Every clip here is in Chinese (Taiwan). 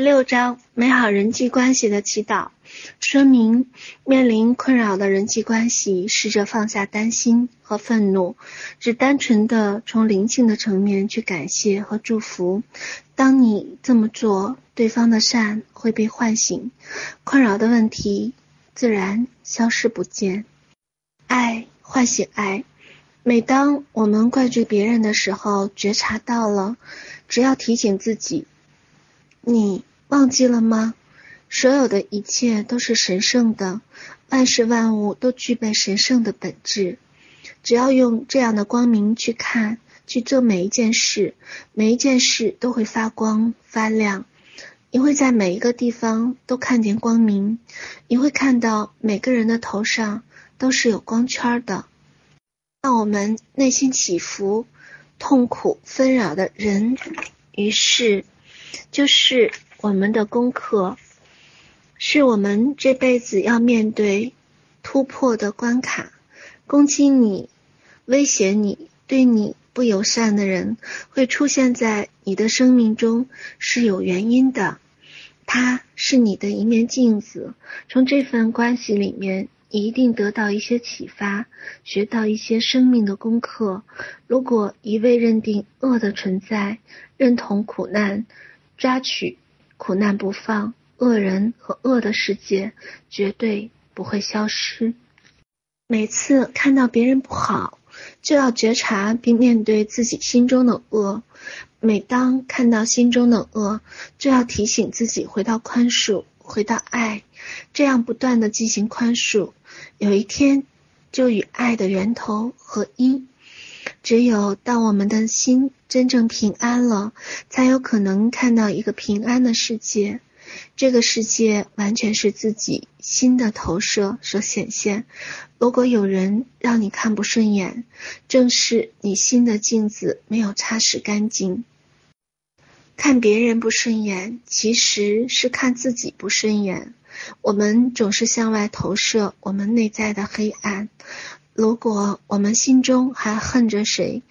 第六章美好人際關係的祈禱說明：面臨困擾的人際關係，試着放下擔心和憤怒，只單純的從靈性的層面去感謝和祝福。當你這麼做，對方的善會被喚醒，困擾的問題自然消失不見。愛喚醒愛，每當我們怪罪別人的時候，覺察到了，只要提醒自己，你。忘記了嗎？所有的一切都是神聖的，萬事萬物都具備神聖的本質。只要用這樣的光明去看，去做每一件事，每一件事都會發光發亮。你會在每一個地方都看見光明，你會看到每個人的頭上都是有光圈的。讓我們內心起伏、痛苦、紛擾的人與事，就是。我們的功課，是我們這輩子要面對突破的關卡。攻擊你、威脅你、對你不友善的人，會出現在你的生命中，是有原因的。他是你的一面鏡子，從這份關係裡面，你一定得到一些啟發，學到一些生命的功課。如果一味認定惡的存在，認同苦難，抓取。苦難不放，惡人和惡的世界絕對不會消失。每次看到別人不好，就要覺察並面對自己心中的惡；每當看到心中的惡，就要提醒自己回到寬恕，回到愛。這樣不斷地進行寬恕，有一天就與愛的源頭合一。只有當我們的心真正平安了，才有可能看到一個平安的世界。這個世界完全是自己心的投射所顯現。如果有人讓你看不順眼，正是你心的鏡子沒有擦拭乾淨。看別人不順眼，其實是看自己不順眼。我們總是向外投射我們內在的黑暗。如果我們心中還恨着誰，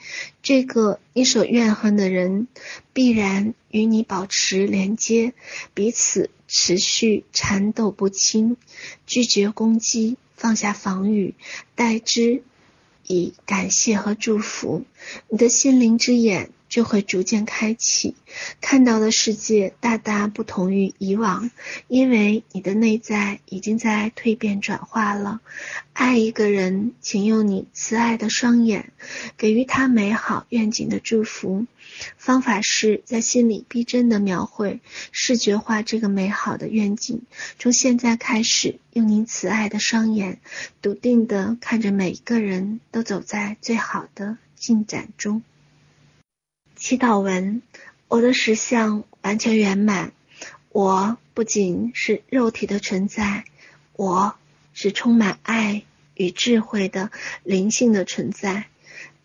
這個你所怨恨的人，必然與你保持連接，彼此持續纏鬥不清，拒絕攻擊，放下防禦，代之以感謝和祝福。你的心靈之眼，就會逐漸開啟，看到的世界大大不同於以往，因為你的內在已經在蛻變轉化了。愛一個人，請用你慈愛的雙眼，給予他美好願景的祝福。方法是在心裡逼真的描繪，視覺化這個美好的願景。從現在開始，用您慈愛的雙眼，篤定的看着每一個人都走在最好的進展中。祈禱文：我的實相完全圓滿，我不僅是肉體的存在，我是充滿愛與智慧的靈性的存在，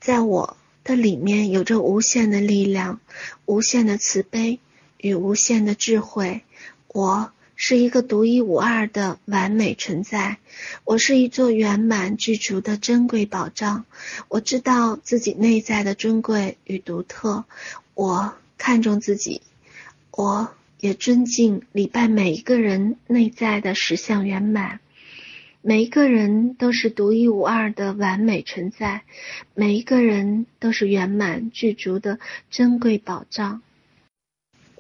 在我的裡面有着無限的力量、無限的慈悲與無限的智慧，我，是一個獨一無二的完美存在，我是一座圓滿具足的珍貴寶藏。我知道自己內在的珍貴與獨特，我看重自己，我也尊敬禮拜每一個人內在的實相圓滿。每一個人都是獨一無二的完美存在，每一個人都是圓滿具足的珍貴寶藏。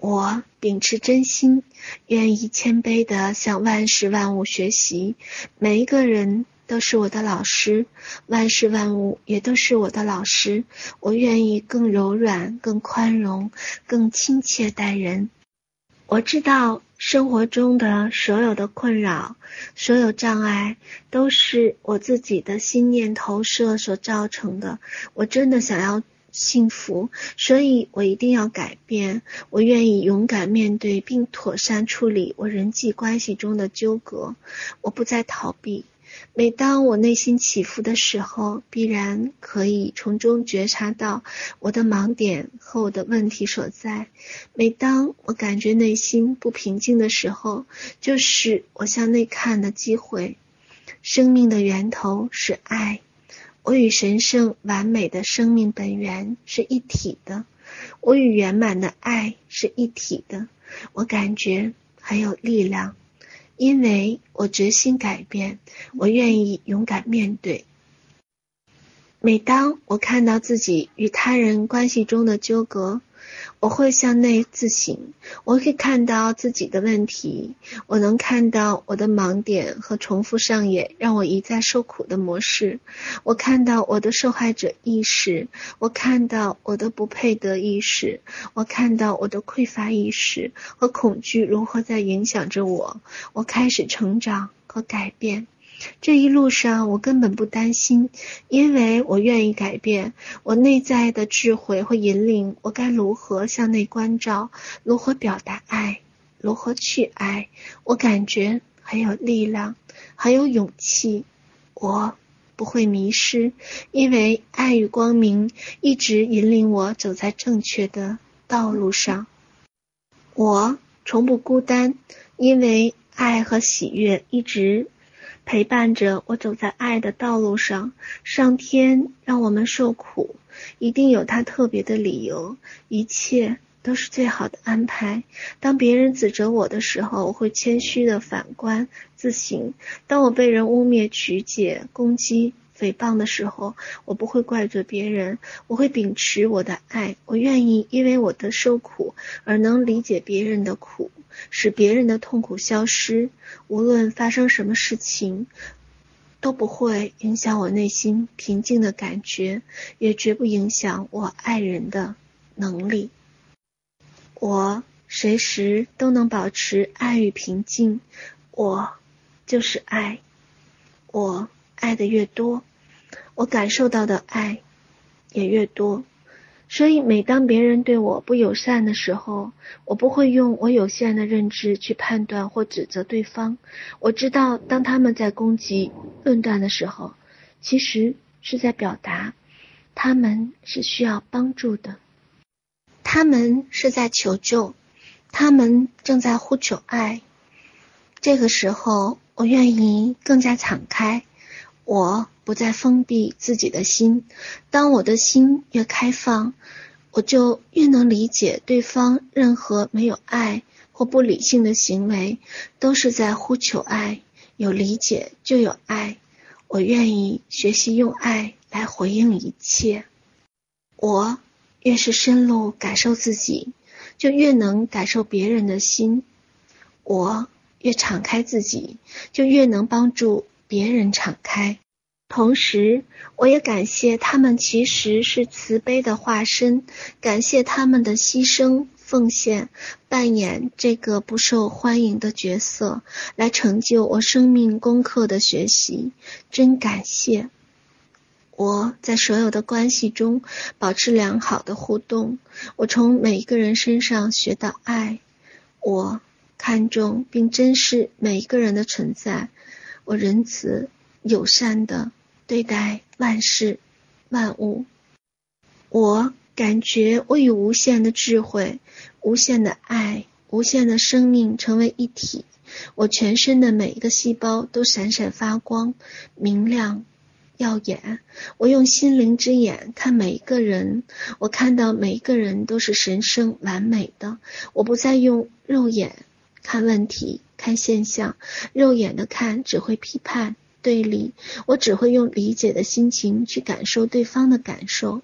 我秉持真心，願意謙卑地向萬事萬物學習。每一個人都是我的老師，萬事萬物也都是我的老師。我願意更柔軟、更寬容、更親切待人。我知道生活中的所有的困擾、所有障礙，都是我自己的心念投射所造成的。我真的想要。幸福，所以我一定要改變。我願意勇敢面對並妥善處理我人際關係中的糾葛，我不再逃避。每當我內心起伏的時候，必然可以從中覺察到我的盲點和我的問題所在。每當我感覺內心不平靜的時候，就是我向內看的機會。生命的源頭是愛。我與神聖完美的生命本源是一體的，我與圓滿的愛是一體的，我感覺很有力量，因為我決心改變，我願意勇敢面對。每當我看到自己與他人關係中的糾葛，我會向內自省，我可以看到自己的問題，我能看到我的盲點和重複上演讓我一再受苦的模式，我看到我的受害者意識，我看到我的不配得意識，我看到我的匱乏意識和恐懼如何在影響着我，我開始成長和改變。這一路上，我根本不擔心，因為我願意改變。我內在的智慧會引領我該如何向內觀照，如何表達愛，如何去愛。我感覺很有力量，很有勇氣。我不會迷失，因為愛與光明一直引領我走在正確的道路上。我從不孤單，因為愛和喜悅一直。陪伴着我走在愛的道路上，上天讓我們受苦，一定有他特別的理由，一切都是最好的安排。當別人指責我的時候，我會謙虛的反觀自省；當我被人污衊、曲解、攻擊、誹謗的時候，我不會怪罪別人，我會秉持我的愛，我願意因為我的受苦而能理解別人的苦。使別人的痛苦消失，無論發生什麼事情，都不會影響我內心平靜的感覺，也絕不影響我愛人的能力。我隨時都能保持愛與平靜，我就是愛。我愛的越多，我感受到的愛也越多。所以，每當別人對我不友善的時候，我不會用我有限的認知去判斷或指責對方。我知道，當他們在攻擊、論斷的時候，其實是在表達，他們是需要幫助的，他們是在求救，他們正在呼求愛。這個時候，我願意更加敞開。我不再封閉自己的心，當我的心越開放，我就越能理解對方。任何沒有愛或不理性的行為，都是在呼求愛。有理解就有愛，我願意學習用愛來回應一切。我越是深入感受自己，就越能感受別人的心。我越敞開自己，就越能幫助別人敞開，同時我也感謝他們，其實是慈悲的化身。感謝他們的犧牲奉獻，扮演這個不受歡迎的角色，來成就我生命功課的學習。真感謝！我在所有的關係中保持良好的互動。我從每一個人身上學到愛。我看重並珍視每一個人的存在。我仁慈友善地對待萬事萬物，我感覺我與無限的智慧、無限的愛、無限的生命成為一體。我全身的每一個細胞都閃閃發光、明亮耀眼。我用心靈之眼看每一個人，我看到每一個人都是神聖完美的。我不再用肉眼看問題。看現象，肉眼的看只會批判、對立。我只會用理解的心情去感受對方的感受，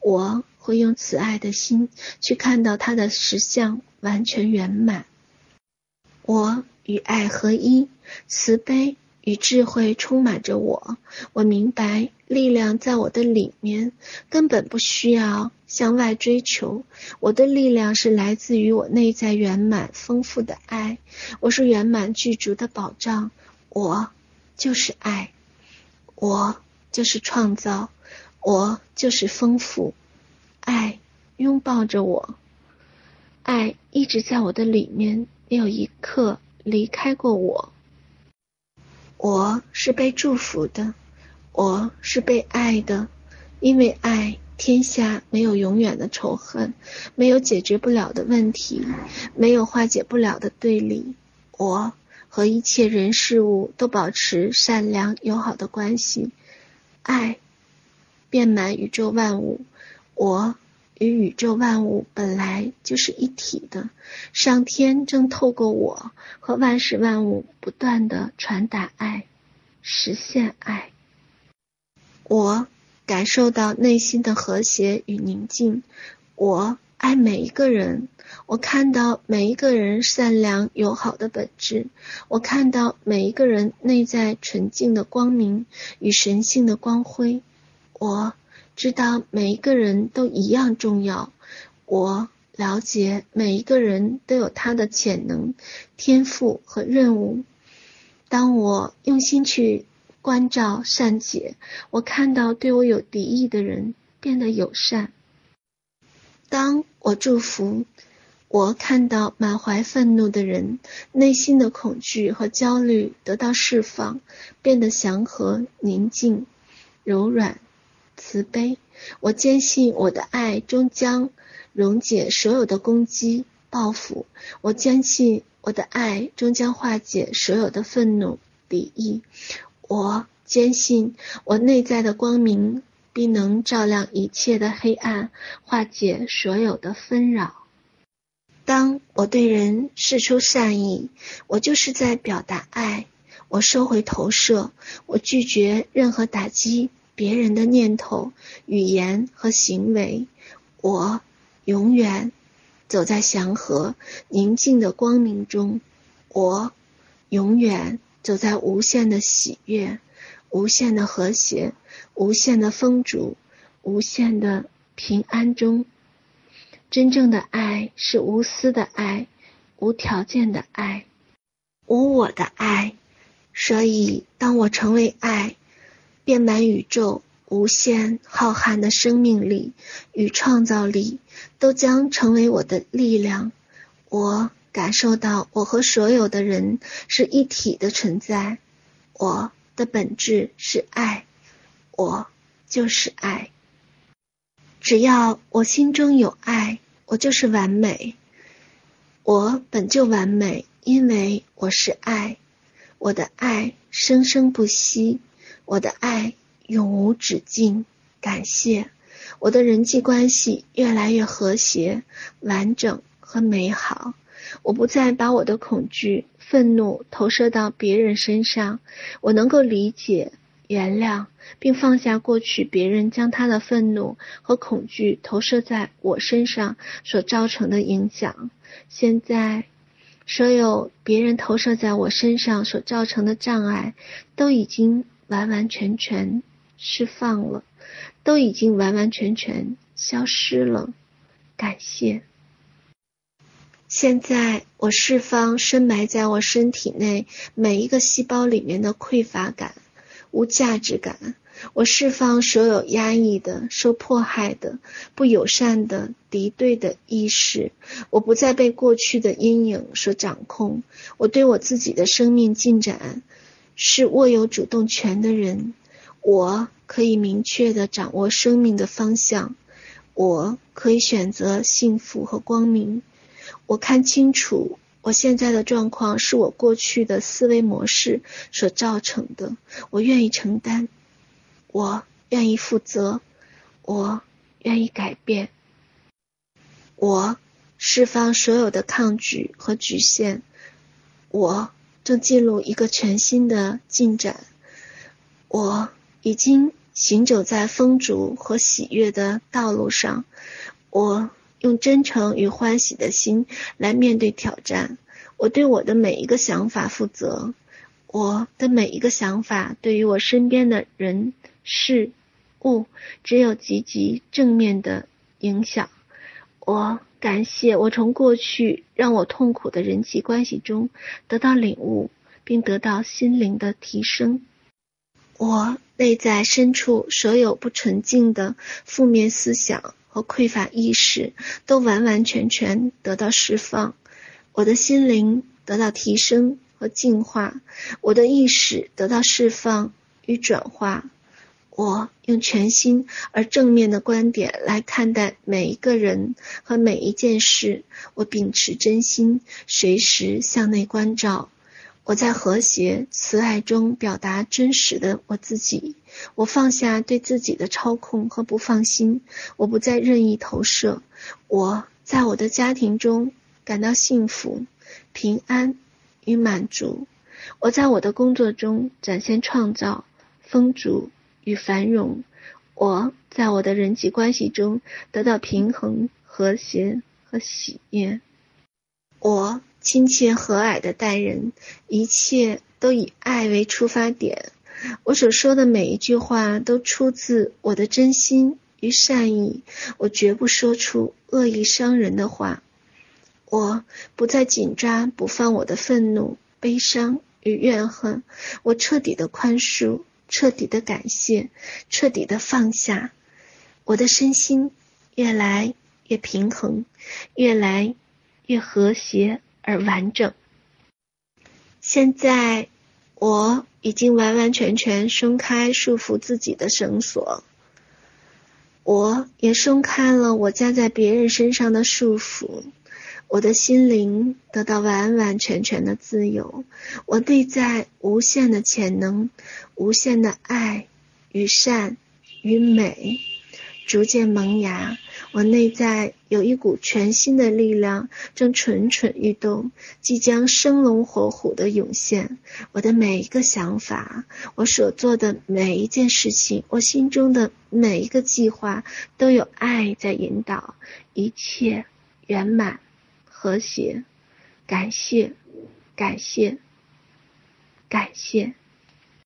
我會用慈愛的心去看到他的實相完全圓滿，我與愛合一，慈悲、與智慧充滿着我，我明白力量在我的裡面，根本不需要向外追求。我的力量是來自於我內在圓滿豐富的愛，我是圓滿具足的保障。我就是愛，我就是創造，我就是豐富。愛擁抱着我，愛一直在我的裡面，沒有一刻離開過我。我是被祝福的，我是被愛的，因為愛，天下沒有永遠的仇恨，沒有解決不了的問題，沒有化解不了的對立。我和一切人事物都保持善良友好的關係，愛遍滿宇宙萬物。我。與宇宙萬物本來就是一體的，上天正透過我和萬事萬物不斷地傳達愛，實現愛。我感受到內心的和諧與寧靜，我愛每一個人，我看到每一個人善良友好的本質，我看到每一個人內在純淨的光明與神性的光輝，我。知道每一個人都一樣重要，我了解每一個人都有他的潛能、天賦和任務。當我用心去關照善解，我看到對我有敵意的人變得友善。當我祝福，我看到滿懷憤怒的人內心的恐懼和焦慮得到釋放，變得祥和、寧靜、柔軟。慈悲，我堅信我的愛終將溶解所有的攻擊報復。我堅信我的愛終將化解所有的憤怒敵意。我堅信我內在的光明必能照亮一切的黑暗，化解所有的紛擾。當我對人釋出善意，我就是在表達愛。我收回投射，我拒絕任何打擊。別人的念頭、語言和行為，我永遠走在祥和、寧靜的光明中；我永遠走在無限的喜悅、無限的和諧、無限的豐足，無限的平安中。真正的愛是無私的愛、無條件的愛、無我的愛。所以，當我成為愛。遍滿宇宙無限浩瀚的生命力與創造力，都將成為我的力量。我感受到我和所有的人是一體的存在。我的本質是愛，我就是愛。只要我心中有愛，我就是完美。我本就完美，因為我是愛。我的愛生生不息。我的愛永無止境，感謝我的人際關係越來越和諧、完整和美好。我不再把我的恐懼、憤怒投射到別人身上，我能夠理解、原諒並放下過去別人將他的憤怒和恐懼投射在我身上所造成的影響。現在，所有別人投射在我身上所造成的障礙都已經，完完全全釋放了，都已經完完全全消失了。感謝。現在我釋放深埋在我身體內每一個細胞裡面的匱乏感、無價值感。我釋放所有壓抑的、受迫害的、不友善的、敵對的意識。我不再被過去的陰影所掌控。我對我自己的生命進展。是握有主動權的人，我可以明確地掌握生命的方向，我可以選擇幸福和光明。我看清楚我現在的狀況是我過去的思維模式所造成的，我願意承擔，我願意負責，我願意改變，我釋放所有的抗拒和局限，我。正進入一個全新的進展。我已經行走在豐足和喜悅的道路上。我用真誠與歡喜的心來面對挑戰。我對我的每一個想法負責。我的每一個想法對於我身邊的人事物只有積極正面的影響。我。感謝我從過去讓我痛苦的人際關係中得到領悟，並得到心靈的提升。我內在深處所有不純淨的負面思想和匱乏意識都完完全全得到釋放，我的心靈得到提升和淨化，我的意識得到釋放與轉化。我用全新而正面的觀點來看待每一個人和每一件事。我秉持真心，隨時向內關照。我在和諧慈愛中表達真實的我自己。我放下對自己的操控和不放心。我不再任意投射。我在我的家庭中感到幸福、平安與滿足。我在我的工作中展現創造豐足與繁榮，我在我的人際關係中得到平衡、和諧和喜悅。我親切和藹的待人，一切都以愛為出發點。我所說的每一句話都出自我的真心與善意，我絕不說出惡意傷人的話。我不再緊抓不放我的憤怒、悲傷與怨恨，我徹底的寬恕。徹底的感謝，徹底的放下，我的身心越來越平衡，越來越和諧而完整。現在我已經完完全全鬆開束縛自己的繩索，我也鬆開了我加在別人身上的束縛。我的心靈得到完完全全的自由，我內在無限的潛能、無限的愛與善與美逐漸萌芽。我內在有一股全新的力量正蠢蠢欲動，即將生龍活虎的湧現。我的每一個想法，我所做的每一件事情，我心中的每一個計劃，都有愛在引導，一切圓滿。和諧，感謝，感謝，感謝。